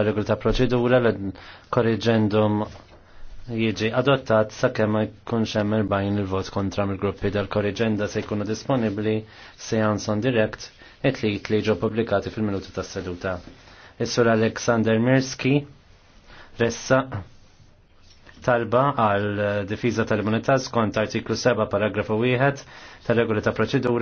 regol ta' proċedura l korriġendum jiġi adottat sakemm ma jkunx hemm bajn il-vot kontra mill-gruppi dal-korriġenda se jkunu disponibbli seans on direct et li li ġo pubblikati fil-minuti tas seduta. Is-sur Aleksander Mirski ressa talba għal difiża tal-immunità skont artiklu 7 paragrafu 1 tal-regoli ta' proċedura